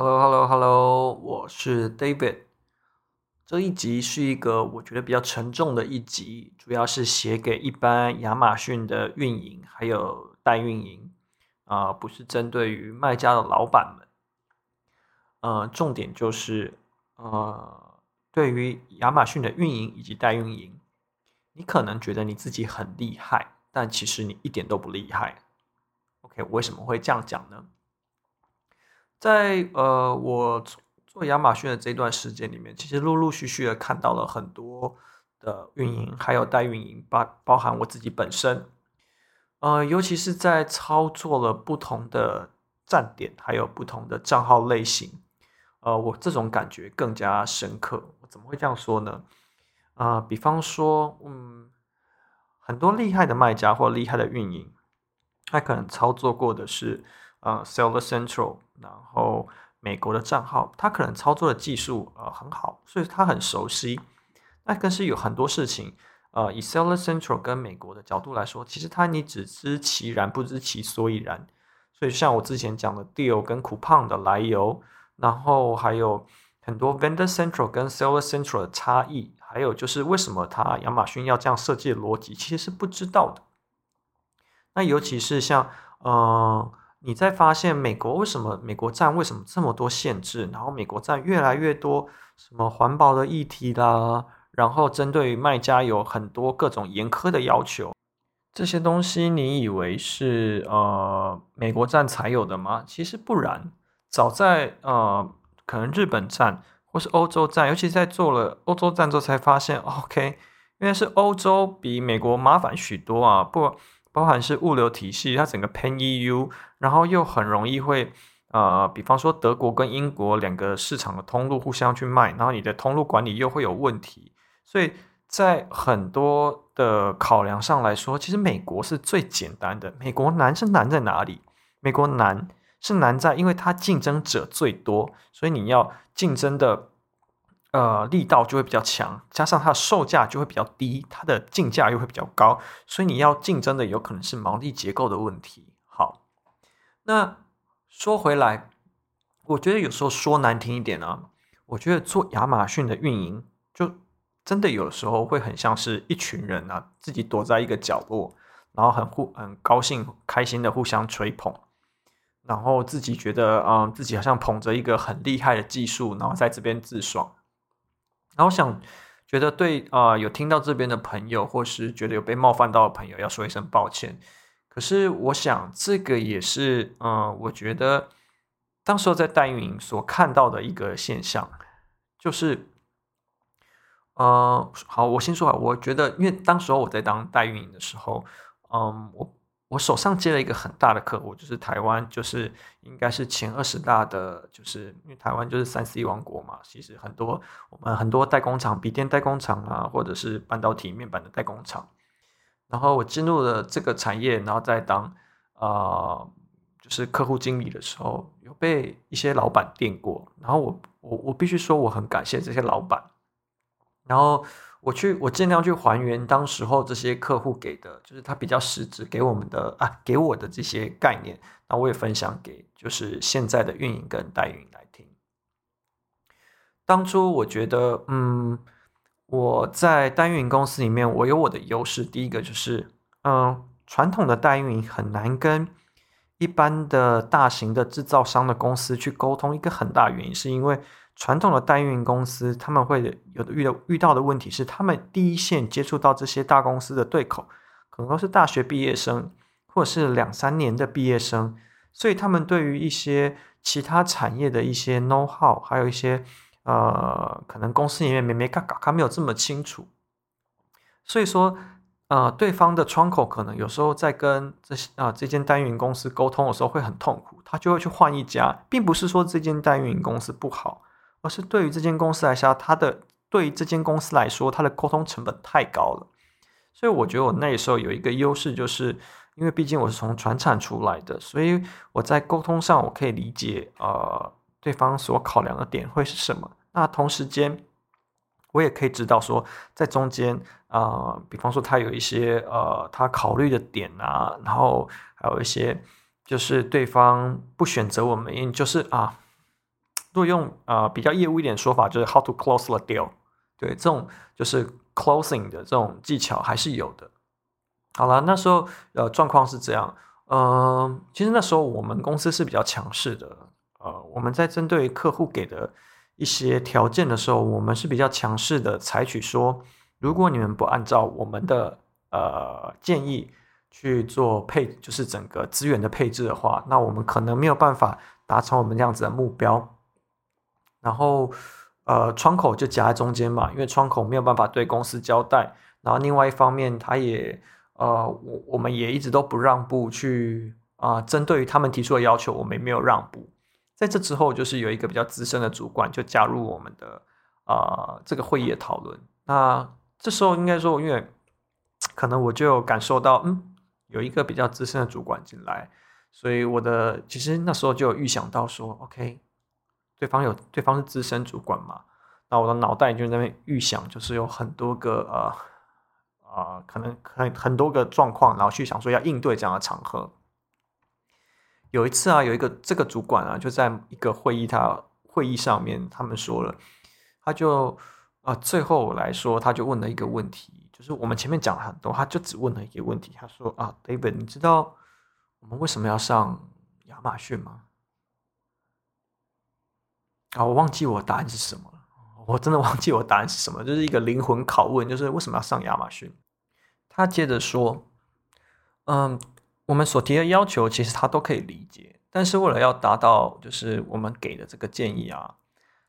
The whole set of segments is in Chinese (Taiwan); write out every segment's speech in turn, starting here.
Hello, Hello, Hello！我是 David。這一集是一個我覺得比較沉重的一集，主要是寫給一般亞馬遜的運營還有代運營啊，不是針對於賣家的老闆們。呃，重點就是呃，對於亞馬遜的運營以及代運營，你可能覺得你自己很厲害，但其實你一點都不厲害。OK，我為什麼會這樣講呢？在呃，我做亞馬遜的這段時間裡面，其實陸陸續續的看到了很多的運營，還有代運營，包包含我自己本身，呃，尤其是在操作了不同的站點，還有不同的賬號類型，呃，我這種感覺更加深刻。我怎麼會這樣說呢？啊、呃，比方說，嗯，很多厲害的賣家或厲害的運營，他可能操作過的是。呃，Seller Central，然後美國的賬號，他可能操作的技術呃很好，所以他很熟悉。那更是有很多事情，呃，以 Seller Central 跟美國的角度來說，其實他你只知其然不知其所以然。所以像我之前講的 Deal 跟 Coupon 的來由，然後還有很多 Vendor Central 跟 Seller Central 的差異，還有就是為什麼他亞馬遜要這樣設計的邏輯，其實是不知道的。那尤其是像呃。你再發現美國為什麼美國站為什麼這麼多限制？然後美國站越來越多什麼環保的議題啦，啊，然後針對賣家有很多各種嚴苛的要求，這些東西你以為是呃美國站才有的嗎？其實不然，早在呃可能日本站或是歐洲站，尤其在做了歐洲站之後才發現，OK，因為是歐洲比美國麻煩許多啊，不。包含是物流體系，它整個 Pan-EU 然後又很容易會，呃，比方說德國跟英國兩個市場的通路互相去賣，然後你的通路管理又會有問題，所以在很多的考量上來說，其實美國是最簡單的。美國難是難在哪裡？美國難是難在因為它競爭者最多，所以你要競爭的。呃，力道就會比較強，加上它的售價就會比較低，它的進價又會比較高，所以你要競爭的有可能是毛利結構的問題。好，那說回來，我覺得有時候說難聽一點呢、啊，我覺得做亞馬遜的運營，就真的有時候會很像是一群人啊，自己躲在一個角落，然後很互很高興、開心的互相吹捧，然後自己覺得啊、嗯，自己好像捧着一個很厲害的技術，然後在這邊自爽。然後我想覺得對啊，呃，有聽到這邊的朋友，或是覺得有被冒犯到的朋友，要說一聲抱歉。可是我想這個也是，嗯，呃，我覺得當時候在代運營所看到的一個現象，就是，呃，好，我先說吧，我覺得因為當時候我在當代運營的時候，嗯，呃，我。我手上接了一個很大的客戶，就是台灣，就是應該是前二十大的，就是因為台灣就是三 C 王國嘛。其實很多我們很多代工廠，筆電代工廠啊，或者是半導體面板的代工廠。然後我進入了這個產業，然後在當啊、呃，就是客戶經理的時候，有被一些老闆電過。然後我我我必須說，我很感謝這些老闆。然後。我去，我盡量去還原當時候這些客戶給的，就是他比較實質給我們的啊，給我的這些概念。那我也分享給就是現在的運營跟代運營來聽。當初我覺得，嗯，我在代運營公司裡面，我有我的優勢。第一個就是，嗯，傳統的代運營很難跟一般的大型的製造商的公司去溝通，一個很大原因是因為。傳統的代運營公司，他們會有的遇到遇到的問題是，他們第一線接觸到這些大公司的對口，可能都是大學畢業生，或者是兩三年的畢業生，所以他們對於一些其他產業的一些 know how，還有一些呃，可能公司裡面沒沒干他沒有這麼清楚，所以說，呃，對方的窗口可能有時候在跟這些啊、呃、這間代運營公司溝通的時候會很痛苦，他就會去換一家，並不是說這間代運營公司不好。而是對於這間公司來說，它的對於這間公司來說，它的溝通成本太高了。所以我覺得我那時候有一個優勢，就是因為畢竟我是從傳產出來的，所以我在溝通上我可以理解啊、呃、對方所考量的點會是什麼。那同時間，我也可以知道說，在中間啊、呃，比方說他有一些呃他考慮的點啊，然後還有一些就是對方不選擇我們，因為就是啊。作用啊、呃，比較業務一點說法就是 how to close the deal，對這種就是 closing 的這種技巧還是有的。好了，那時候呃狀況是這樣，嗯、呃，其實那時候我們公司是比較強勢的，呃，我們在針對客戶給的一些條件的時候，我們是比較強勢的，採取說，如果你們不按照我們的呃建議去做配，就是整個資源的配置的話，那我們可能沒有辦法達成我們這樣子的目標。然後，呃，窗口就夾在中間嘛，因為窗口沒有辦法對公司交代。然後，另外一方面，他也，呃，我我們也一直都不讓步去，去、呃、啊，針對於他們提出的要求，我們也沒有讓步。在這之後，就是有一個比較資深的主管就加入我們的啊、呃、這個會議的討論。那這時候應該說，因為可能我就有感受到，嗯，有一個比較資深的主管進來，所以我的其實那時候就有預想到說，OK。對方有對方是資深主管嘛，那我的腦袋就在那邊預想，就是有很多個呃啊，可能很很多個狀況，然後去想說要應對這樣的場合。有一次啊，有一個這個主管啊，就在一個會議他會議上面，他們說了，他就啊、呃、最後來說，他就問了一個問題，就是我們前面講了很多，他就只問了一個問題，他說啊，David，你知道我們為什麼要上亞馬遜嗎？啊，我忘記我答案是什麼了，我真的忘記我答案是什麼，就是一個靈魂拷問，就是為什麼要上亞馬遜？他接着說，嗯，我們所提的要求其實他都可以理解，但是為了要達到就是我們給的這個建議啊，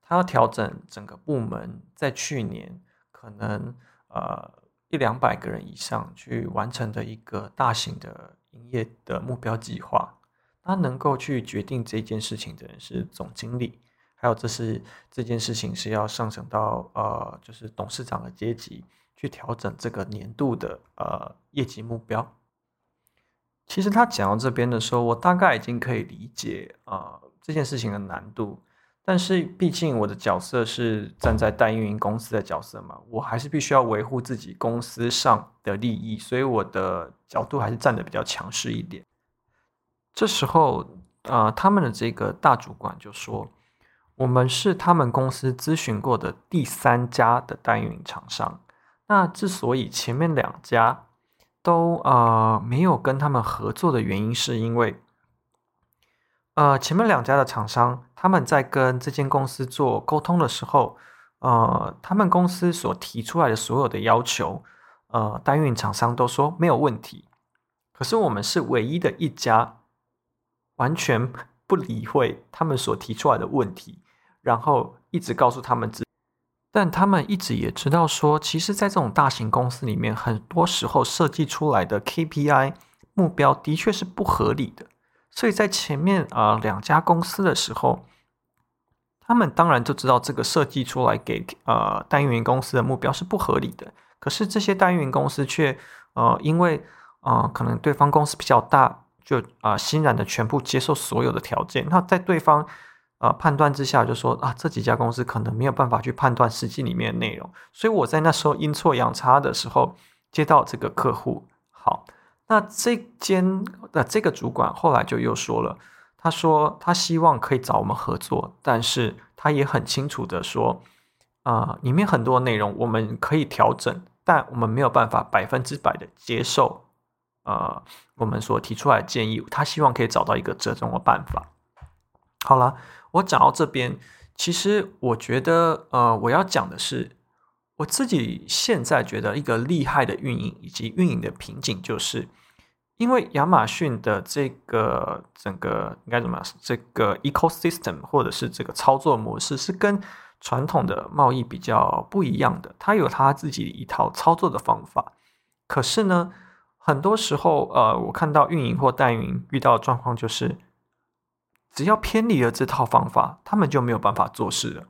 他要調整整個部門在去年可能呃一兩百個人以上去完成的一個大型的營業的目標計劃，他能夠去決定這件事情的人是總經理。還有，這是這件事情是要上升到呃，就是董事長的階級去調整這個年度的呃業績目標。其實他講到這邊的時候，我大概已經可以理解啊、呃、這件事情的難度。但是畢竟我的角色是站在代運營公司的角色嘛，我還是必須要維護自己公司上的利益，所以我的角度還是站得比較強勢一點。這時候啊、呃，他們的這個大主管就說。我們是他們公司諮詢過的第三家的代運營廠商。那之所以前面兩家都呃沒有跟他們合作的原因，是因為呃前面兩家的廠商他們在跟這間公司做溝通的時候，呃他們公司所提出來的所有的要求，呃代運營廠商都說沒有問題。可是我們是唯一的一家完全。不理會他們所提出來的問題，然後一直告訴他們自己，但他們一直也知道說，其實，在這種大型公司裡面，很多時候設計出來的 KPI 目標的確是不合理的。所以在前面啊、呃、兩家公司的時候，他們當然就知道這個設計出來給呃代運營公司的目標是不合理的。可是這些代運營公司卻呃因為呃可能對方公司比較大。就啊、呃，欣然的全部接受所有的條件。那在對方啊、呃、判斷之下，就說啊，這幾家公司可能沒有辦法去判斷實際裡面的內容。所以我在那時候陰錯陽差的時候接到這個客戶。好，那這間呃，這個主管後來就又說了，他說他希望可以找我們合作，但是他也很清楚的說啊、呃，裡面很多內容我們可以調整，但我們沒有辦法百分之百的接受。呃，我們所提出來的建議，他希望可以找到一個折中的辦法。好了，我講到這邊，其實我覺得，呃，我要講的是，我自己現在覺得一個厲害的運營以及運營的瓶頸，就是因為亞馬遜的這個整個應該怎麼樣這個 ecosystem 或者是這個操作模式，是跟傳統的貿易比較不一樣的。它有它自己一套操作的方法，可是呢？很多時候，呃，我看到運營或代運營遇到的狀況，就是只要偏離了這套方法，他們就沒有辦法做事了。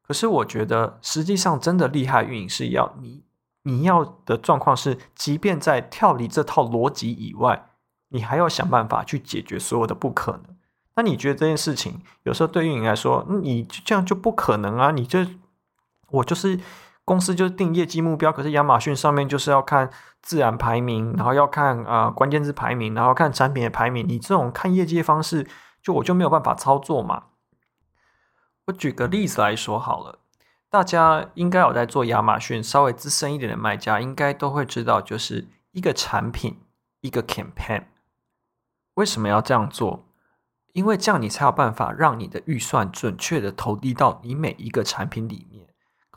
可是我覺得，實際上真的厲害，運營是要你，你要的狀況是，即便在跳離這套邏輯以外，你還要想辦法去解決所有的不可能。那你覺得這件事情，有時候對運營來說，你就這樣就不可能啊，你就我就是。公司就是定業績目標，可是亞馬遜上面就是要看自然排名，然後要看啊、呃、關鍵字排名，然後看產品的排名。你這種看業績方式就，就我就沒有辦法操作嘛。我舉個例子來說好了，大家應該有在做亞馬遜，稍微資深一點的賣家應該都會知道，就是一個產品一個 campaign，為什麼要這樣做？因為這樣你才有辦法讓你的預算準確的投遞到你每一個產品裡面。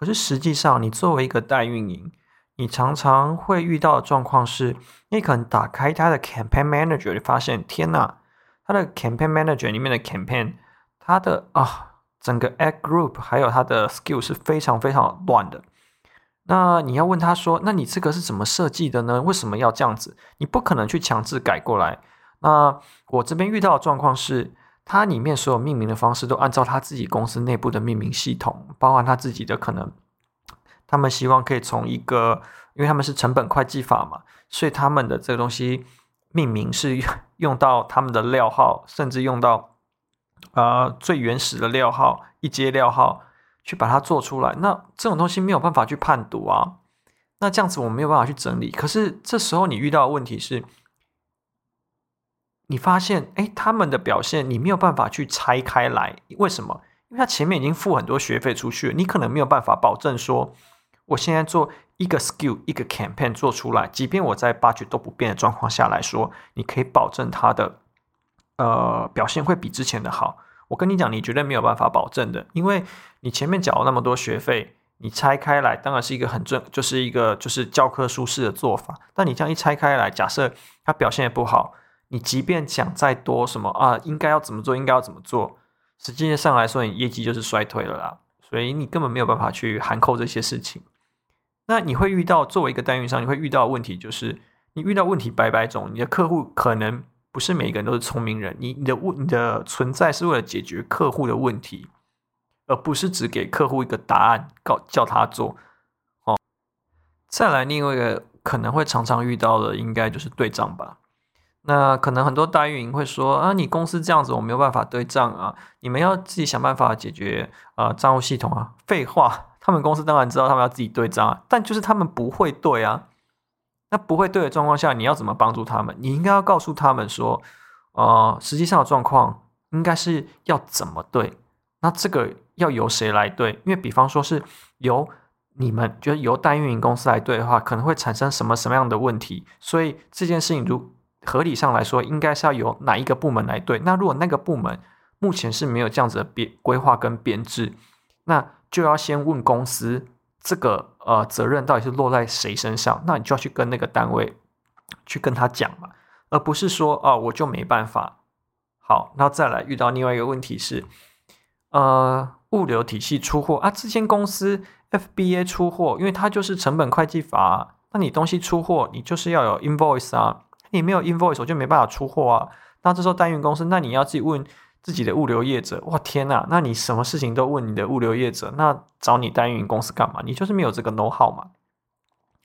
可是實際上，你作為一個代運營，你常常會遇到的狀況是，你可能打開他的 Campaign Manager，就發現，天哪，他的 Campaign Manager 裡面的 Campaign，他的啊、哦，整個 Ad Group，還有他的 Skill 是非常非常亂的。那你要問他說，那你這個是怎麼設計的呢？為什麼要這樣子？你不可能去強制改過來。那我這邊遇到的狀況是，它裡面所有命名的方式都按照他自己公司內部的命名系統，包含他自己的可能。他們希望可以從一個，因為他們是成本會計法嘛，所以他們的這個東西命名是用到他們的料號，甚至用到啊、呃、最原始的料號、一階料號去把它做出來。那這種東西沒有辦法去判讀啊。那這樣子我沒有辦法去整理。可是這時候你遇到的問題是。你發現，哎，他們的表現你沒有辦法去拆開來，為什麼？因為他前面已經付很多學費出去了，你可能沒有辦法保證說，我現在做一個 SKU 一個 campaign 做出來，即便我在 budget 都不變的狀況下來說，你可以保證它的呃表現會比之前的好。我跟你講，你絕對沒有辦法保證的，因為你前面繳了那麼多學費，你拆開來當然是一個很正，就是一個就是教科書式的做法。但你這樣一拆開來，假設他表現也不好。你即便講再多什麼啊，應該要怎麼做，應該要怎麼做，實際上來說，你業績就是衰退了啦。所以你根本沒有辦法去含扣這些事情。那你會遇到作為一個代運商，你會遇到問題就是，你遇到問題百百種，你的客戶可能不是每個人都是聰明人。你你的問你的存在是為了解決客戶的問題，而不是只給客戶一個答案，告叫他做。哦，再來另外一個可能會常常遇到的，應該就是對賬吧。那可能很多代運營會說啊，你公司這樣子，我沒有辦法對賬啊，你們要自己想辦法解決啊，呃，帳戶系統啊，廢話，他們公司當然知道他們要自己對帳啊，但就是他們不會對啊。那不會對的狀況下，你要怎麼幫助他們？你應該要告訴他們說，呃，實際上的狀況應該是要怎麼對？那這個要由誰來對？因為比方說是由你們，就是由代運營公司來對的話，可能會產生什麼什麼樣的問題？所以這件事情如。合理上來說，應該是要由哪一個部門來對？那如果那個部門目前是沒有這樣子的編規劃跟編制，那就要先問公司這個呃責任到底是落在誰身上？那你就要去跟那個單位去跟他講嘛，而不是說啊、呃、我就沒辦法。好，那再來遇到另外一個問題是，呃，物流體系出貨啊，之前公司 FBA 出貨，因為它就是成本會計法、啊，那你東西出貨，你就是要有 invoice 啊。你沒有 invoice，我就沒辦法出貨啊。那這時候代運公司，那你要自己問自己的物流業者。哇，天吶、啊，那你什麼事情都問你的物流業者？那找你代運公司幹嘛？你就是沒有這個 know-how 嘛。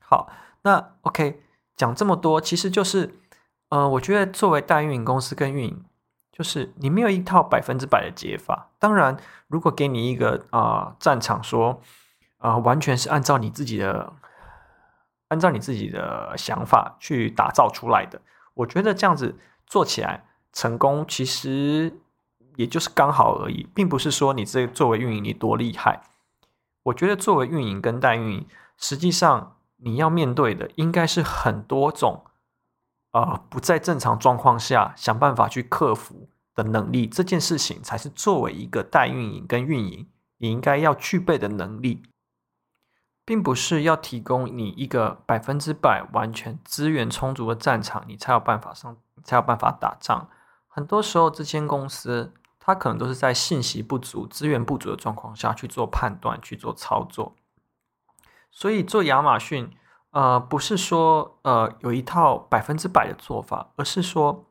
好，那 OK，講這麼多，其實就是，呃，我覺得作為代運營公司跟運營，就是你沒有一套百分之百的解法。當然，如果給你一個啊、呃、戰場說，啊、呃，完全是按照你自己的。按照你自己的想法去打造出來的，我覺得這樣子做起來成功，其實也就是剛好而已，並不是說你這作為運營你多厲害。我覺得作為運營跟代運營，實際上你要面對的應該是很多種，呃，不在正常狀況下想辦法去克服的能力，這件事情才是作為一個代運營跟運營，你應該要具備的能力。並不是要提供你一個百分之百完全資源充足的戰場，你才有辦法上，才有辦法打仗。很多時候，這間公司它可能都是在信息不足、資源不足的狀況下去做判斷、去做操作。所以做亞馬遜，呃，不是說呃有一套百分之百的做法，而是說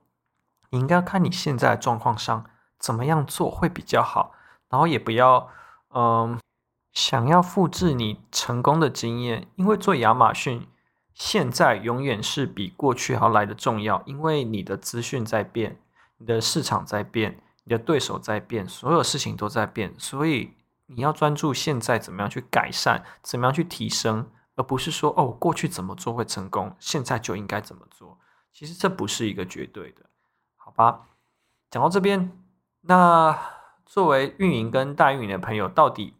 你應該看你現在的狀況上怎麼樣做會比較好，然後也不要嗯。呃想要複製你成功的經驗，因為做亞馬遜現在永遠是比過去好來的重要。因為你的資訊在變，你的市場在變，你的對手在變，所有事情都在變。所以你要專注現在怎麼樣去改善，怎麼樣去提升，而不是說哦過去怎麼做會成功，現在就應該怎麼做。其實這不是一個絕對的，好吧？講到這邊，那作為運營跟代運營的朋友，到底，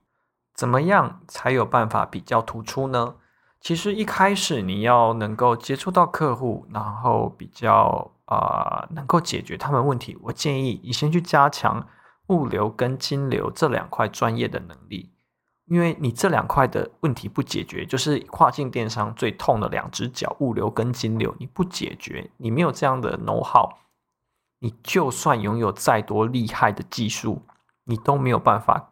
怎麼樣才有辦法比較突出呢？其實一開始你要能夠接觸到客戶，然後比較啊、呃、能夠解決他們問題。我建議你先去加強物流跟金流這兩塊專業的能力，因為你這兩塊的問題不解決，就是跨境電商最痛的兩隻腳——物流跟金流，你不解決，你沒有這樣的 know how，你就算擁有再多厲害的技術，你都沒有辦法。